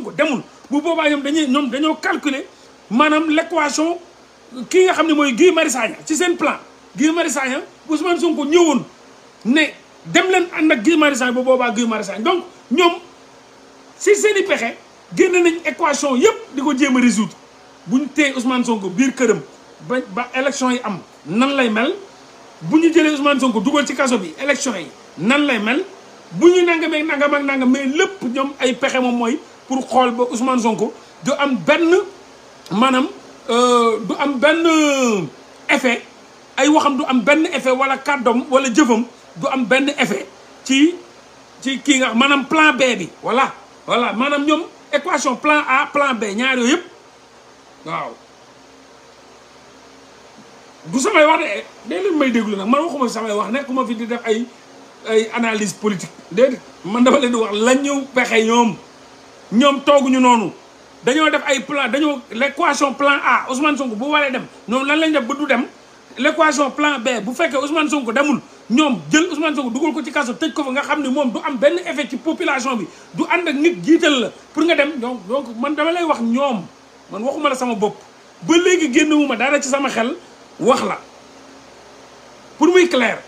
Sonko demul bu boobaa ñoom dañuy ñoom dañoo calculer maanaam l'équation ki nga xam ne mooy Guy Marius ci seen plan Guy Marius Sagna Ousmane Sonko ñëwoon ne dem leen ànd ak Guy Marius Sagna bu boobaa Guy Marius donc ñoom si seen i pexe génne nañ équation yëpp di ko jéem a bu ñu téye Ousmane Sonko biir këram ba ba élection yi am nan lay mel bu ñu jëlee Ousmane Sonko dugal ci kaso bi élection yi nan lay mel bu ñu nangam ak nangam ak nangam mais lépp ñoom ay pexe moom mooy pour xool ba Ousmane Sonko du am benn maanaam euh, du am benn effet ay waxam du am benn effet wala kàddoom wala jëfam du am benn effet ci ci kii nga maanaam plan B bi voilà voilà maanaam ñoom équation plan A plan B ñaar yooyu yëpp waaw bu samay wax de day leen may déglu nag man waxuma samay wax nekkuma fi di def ay ay analyse politique déedéet man dafa leen di wax la ñëw pexe ñoom ñoom tooguñu noonu dañoo def ay plan dañoo l' plan A Ousmane Sonko bu waree dem ñoom lan lañ def ba du dem l' équation plan B bu fekkee Ousmane ko demul ñoom jël Ousmane Sonko dugal ko ci kaso tëj ko fa nga xam ne moom du am benn effet ci population bi du ànd ak nit jiital la pour nga dem donc donc man dama lay wax ñoom man waxuma la sama bopp ba léegi génnewu ma dara ci sama xel wax la pour muy claire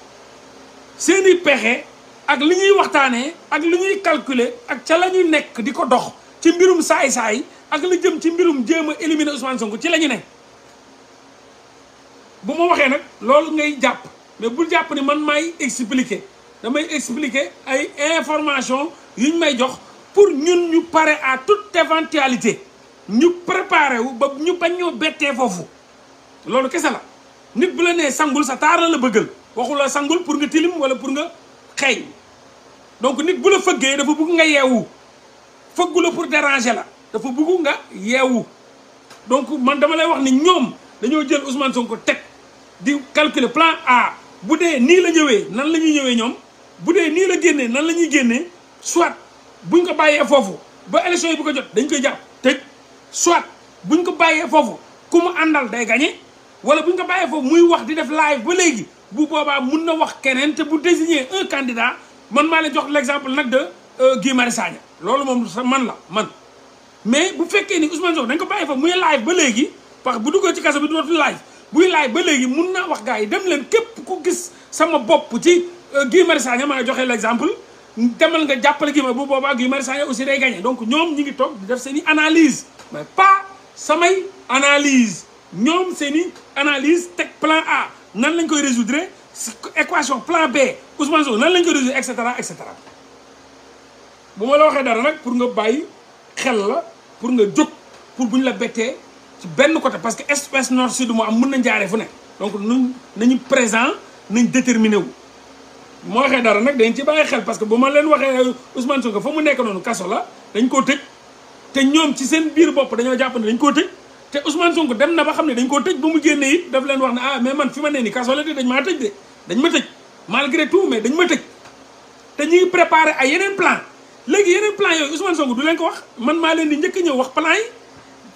seeni pexe ak li ñuy waxtaanee ak li ñuy calculer ak ca la ñuy nekk di ko dox ci mbirum saay-saay ak la jëm ci mbirum jéem a éliminer Ousmane Sonko ci la ñu ne bu ma waxee nag loolu ngay jàpp mais bul jàpp ni man may expliquer damay expliquer ay information yuñ may jox pour ñun ñu pare à toute éventualité ñu préparé wu ba ñu bañ ñoo bettee foofu loolu kese la nit bu la nee sangul sa taar la la bëggal waxu la sangul pour nga tilim wala pour nga xeeñ donc nit bu la fëggee dafa bugg nga yeewu fëggu la pour déranger la dafa buggu nga yeewu donc man dama lay wax ni ñoom dañoo jël Ousmane ko teg di calculer plan A bu dee nii la ñëwee nan la ñuy ñëwee ñoom bu dee nii la génnee nan la ñuy génnee soit buñ ko bàyyee foofu ba élection yi bu ko jot dañ koy jàpp tëj soit buñ ko bàyyee foofu ku mu àndal day gagné wala buñ ko bàyyee foofu muy wax di def live ba léegi bu boobaa mun na wax keneen te bu désigner un candidat man maa leen jox l' exemple nag Euh, Guy Marius Sagna loolu moom sa man la man mais bu fekkee ni Ousmane Sonko dañ ko bàyyi fa muy live ba léegi parce que bu duggee ci kaso bi dootul live buy live ba léegi mun naa wax gaa yi dem leen képp ku gis sama bopp ci euh, Guy Marius maa joxee la exemple demal nga jàppale Guy Marius bu boobaa Guy Marius Sagna aussi day gagné donc ñoom ñi ngi toog di def seen i analyse mais pas samay analyse ñoom seen i analyse teg plan A nan lañ koy résoudre équation plan B Ousmane nan lañ koy résoudre et cetera et cetera bu ma la waxee dara nag pour nga bàyyi xel la pour nga jóg pour bu ñu la bettee ci benn côté parce que espèce nord sud mu am mun na jaaree fu ne donc nuñ nañu présent nañ déterminé wu. bu ma waxee dara nag dañ ci ba bàyyi xel parce que bu ma leen waxee Ousmane Sonko fa mu nekk noonu kaso la dañ koo tëj te ñoom ci seen biir bopp dañoo jàpp ne dañ koo tëj. te Ousmane Sonko dem na ba xam ne dañ koo tëj ba mu génnee it daf leen wax ne ah mais man fi ma nee nii kaso la de de dañ ma tëj malgré tout mais dañ ma te ñuy préparé ay yeneen plan léegi yeneen plan yooyu Ousmane Sonko du leen ko wax man maa leen di njëkk ñëw wax plan yi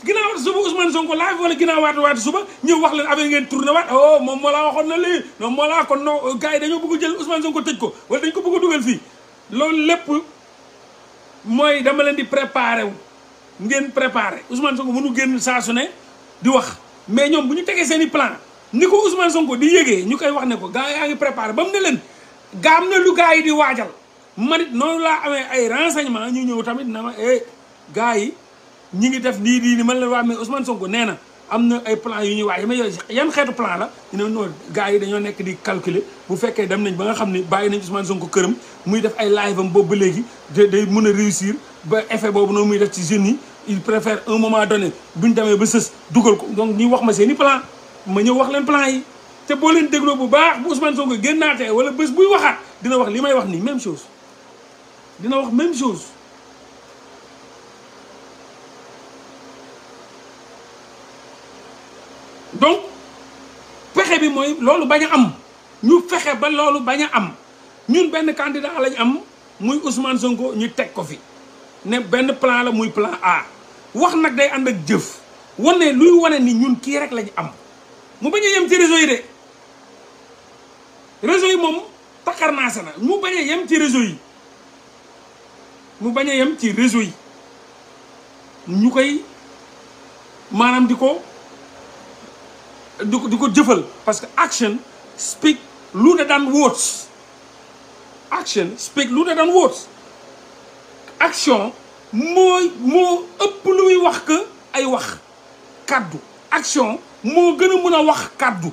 ginnaawaat suba Ousmane Sonko laaj wala ginnaawaat waat suba ñëw wax leen affaire ngeen tourné waat oh moom moo laa waxoon na lii moom moo laa kon no gars yi dañoo bëgg jël Ousmane Sonko tëj ko wala dañ ko bëgg a dugal fii loolu lépp mooy dama leen di préparé wu ngeen préparé Ousmane Sonko mënu génn saa su ne di wax mais ñoom bu ñu tegee seeni plan ni ko Ousmane Sonko di yëgee ñu koy wax ne ko gars yaa ngi préparé ba mu ne leen gaam na lu gars yi di waajal man it noonu laa amee ay renseignement ñu ñëw tamit na ma eh gars yi ñu ngi def nii nii ni man la waa mais Ousmane Sonko nee na am na ay plan yu ñuy waaye mais yan xeetu plan la ñu ne gars yi dañoo nekk di calculer bu fekkee nañ ba nga xam ne bàyyi nañ Ousmane Sonko këram muy def ay live am boobu ba léegi mun a réussir ba effet boobu noonu muy def ci jeunes yi il préfère un moment donné buñ demee ba sës dugal ko donc ñuy wax ma seeni i plan ma ñëw wax leen plan yi te boo leen dégloo bu baax bu Ousmane Sonko génnaatee wala bés buy waxaat dina wax li may wax nii même chose dina wax même chose donc pexe bi mooy loolu bañ a am ñu fexe ba loolu bañ a am ñun benn candidat lañ am muy Ousmane Sonko ñu teg ko fi ne benn plan la muy plan A wax nag day ànd ak jëf wane luy wane ni ñun kii rek lañ am mu bañ yem ci réseau yi de réseau yi moom taxar naa sa na mu bañ a yem ci réseau yi mu bañ a yem ci réseau yi ñu koy maanaam di ko di ko di ko jëfal parce que action speak louder than words action speak louder daan words action mooy moo ëpp lu wax que ay wax kàddu action moo gën a mën a wax kàddu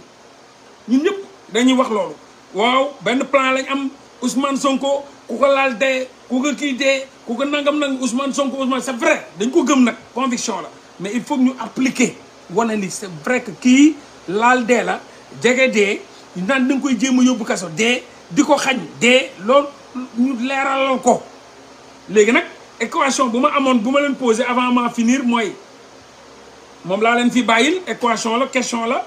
ñun ñëpp dañuy wax loolu waaw benn plan lañ am Ousmane Sonko ku ko laal dee ku ko kii dee ku ko nangam nag Ousmane Sonko Ousmane c'est vrai dañ koo gëm nag conviction la mais il faut ñu appliquer wane ni c'est vrai que kii laal dee la jege dee naan da koy jéem a yóbbu kaso dee di ko xañ dee lool ñu leeralal ko léegi nag équation bu ma amoon bu ma leen posé avant ma finir mooy moom laa leen fi bàyyil équation la question la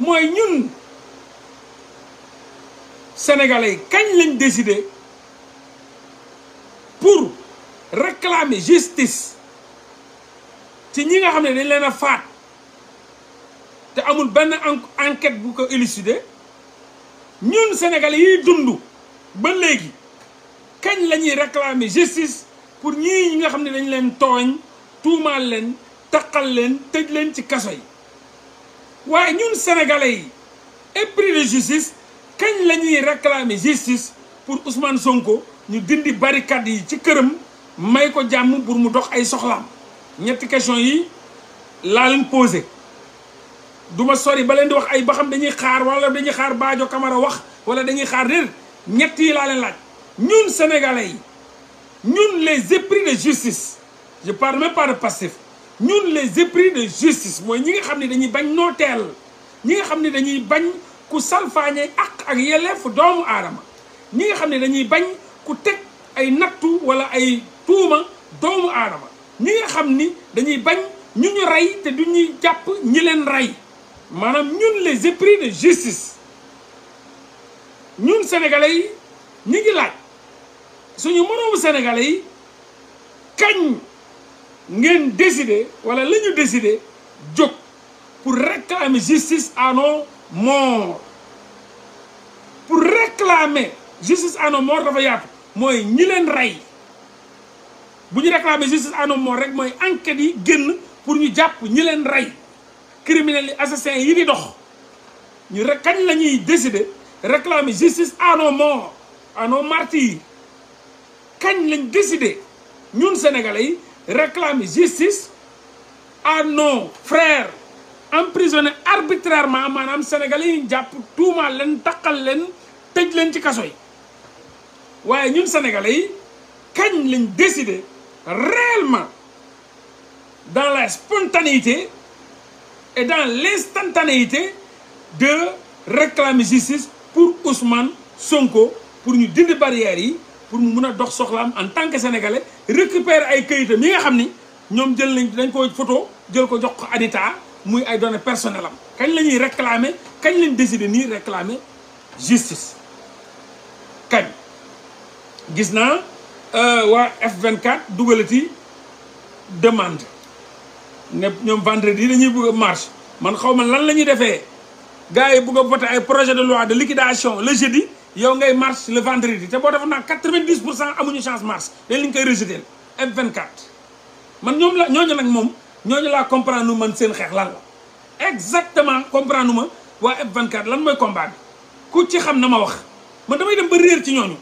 mooy ñun sénégalais kañ lañ décidé reclamé justice ci ñi nga xam ne dañ leen a faat te amul benn enquête bu ko élucider ñun Sénégal yiy dund ba léegi kañ la ñuy réclamer justice pour ñii ñi nga xam ne dañ leen tooñ tuumaal leen taqal leen tëj leen ci kaso yi waaye ñun sénégalais yi épris de justice kañ la ñuy réclamer justice pour Ousmane Sonko ñu dindi barricade yi ci këram may ko jàmm pour mu dox ay soxlaam ñetti question yi laa leen posé du ma sori ba leen di wax ay ba dañuy xaar wala dañuy xaar Badio Camara wax wala dañuy xaar dér ñett yi laa leen laaj ñun sénégalais yi ñun les épris de justice je par même pas de passif ñun les épris de justice mooy ñi ngi xam ne dañuy bañ nooteel ñi nga xam ne dañuy bañ ku salfaañe ak ak yelleefu doomu aadama ñi ngi xam ne dañuy bañ ku teg ay nattu wala ay tuuma doomu aadama ñi nga xam ni dañuy bañ ñu ñu rey te du ñuy jàpp ñi leen rey maanaam ñun les épris de justice ñun sénégalais yi ñu ngi laaj suñu moroomu sénégalais yi kañ ngeen décider wala la ñu décider pour réclamer justice à nos morts pour réclamer justice à nos morts dafa yaatu mooy ñi leen rey bu ñu réclamer justice en un rek mooy enquête yi génn pour ñu jàpp ñi leen rey criminels yi assassins yi di dox ñu rek kañ la ñuy décider réclamer justice en un mot en un martyrs kañ lañ décider ñun sénégalais yi réclamer justice à nos frères emprisonnés arbitrairement maanaam sénégalais yi ñu jàpp tuumaal leen taqal leen tëj leen ci kaso yi waaye ñun sénégalais yi kañ lañ décider. réellement dans la spontanéité et dans l'instantanéité de réclamer justice pour Ousmane Sonko pour ñu dindi barrières yi pour mu mun a dox soxlaam en tant que sénégalais récupérer ay këyitam yi nga xam ni ñoom jël nañ dañ koy photo jël ko jox ko Anita muy ay données personnel am kañ la ñuy réclamer kañ lañ décider nii réclamer justice kañ gis naa Euh, waa F24 dugalati demande ne ñoom vendredi dañuy bëgg a marche man xaw ma lan la ñuy defee gars yi bëgg a voté ay projet de loi de liquidation le jeudi yow ngay marche le vendredi te boo defoon naa quatre-vingt-dix pour cent amuñu chance marche dañ liñ koy rejeté F24. man ñoom la ñooñu nag moom ñooñu laa comprendre nu man seen xeex lan la exactement comprendre nu ma waa F24 lan mooy combat bi ku ci xam na ma wax man damay dem ba réer ci ñooñu.